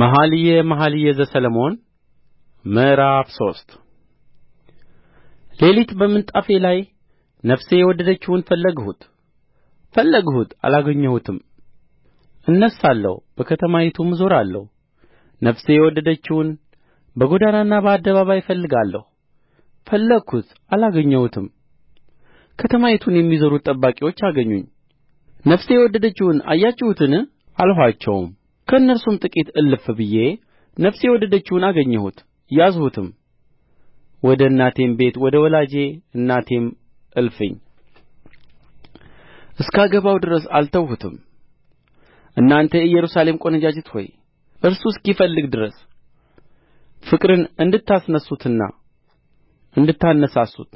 መኃልየ መኃልይ ዘሰሎሞን ምዕራፍ ሶስት ሌሊት በምንጣፌ ላይ ነፍሴ የወደደችውን ፈለግሁት ፈለግሁት አላገኘሁትም እነሣለሁ በከተማይቱም እዞራለሁ ነፍሴ የወደደችውን በጎዳናና በአደባባይ እፈልጋለሁ ፈለግሁት አላገኘሁትም ከተማይቱን የሚዞሩት ጠባቂዎች አገኙኝ ነፍሴ የወደደችውን አያችሁትን አልኋቸውም ከእነርሱም ጥቂት እልፍ ብዬ ነፍሴ የወደደችውን አገኘሁት ያዝሁትም ወደ እናቴም ቤት ወደ ወላጅ እናቴም እልፍኝ እስካገባው ድረስ አልተውሁትም እናንተ የኢየሩሳሌም ቈነጃጅት ሆይ እርሱ እስኪፈልግ ድረስ ፍቅርን እንድታስነሡትና እንድታነሣሡት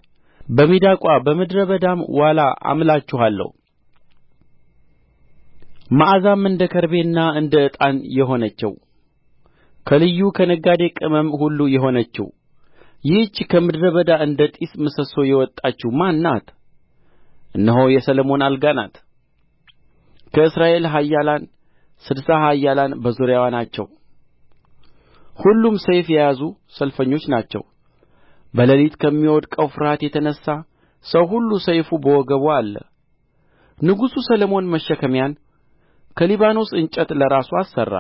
በሚዳቋ በምድረ በዳም ዋላ አምላችኋለሁ መዓዛም እንደ ከርቤና እንደ ዕጣን የሆነችው ከልዩ ከነጋዴ ቅመም ሁሉ የሆነችው ይህች ከምድረ በዳ እንደ ጢስ ምሰሶ የወጣችው ማን ናት? እነሆ የሰሎሞን አልጋ ናት። ከእስራኤል ኃያላን ስድሳ ኃያላን በዙሪያዋ ናቸው። ሁሉም ሰይፍ የያዙ ሰልፈኞች ናቸው። በሌሊት ከሚወድቀው ፍርሃት የተነሣ ሰው ሁሉ ሰይፉ በወገቡ አለ። ንጉሡ ሰሎሞን መሸከሚያን ከሊባኖስ እንጨት ለራሱ አሠራ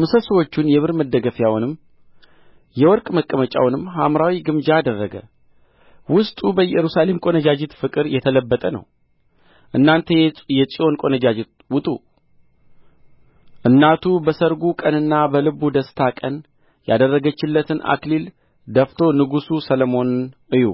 ምሰሶቹን የብር መደገፊያውንም የወርቅ መቀመጫውንም ሐምራዊ ግምጃ አደረገ ውስጡ በኢየሩሳሌም ቈነጃጅት ፍቅር የተለበጠ ነው እናንተ የጽዮን ቈነጃጅት ውጡ እናቱ በሠርጉ ቀንና በልቡ ደስታ ቀን ያደረገችለትን አክሊል ደፍቶ ንጉሡ ሰሎሞንን እዩ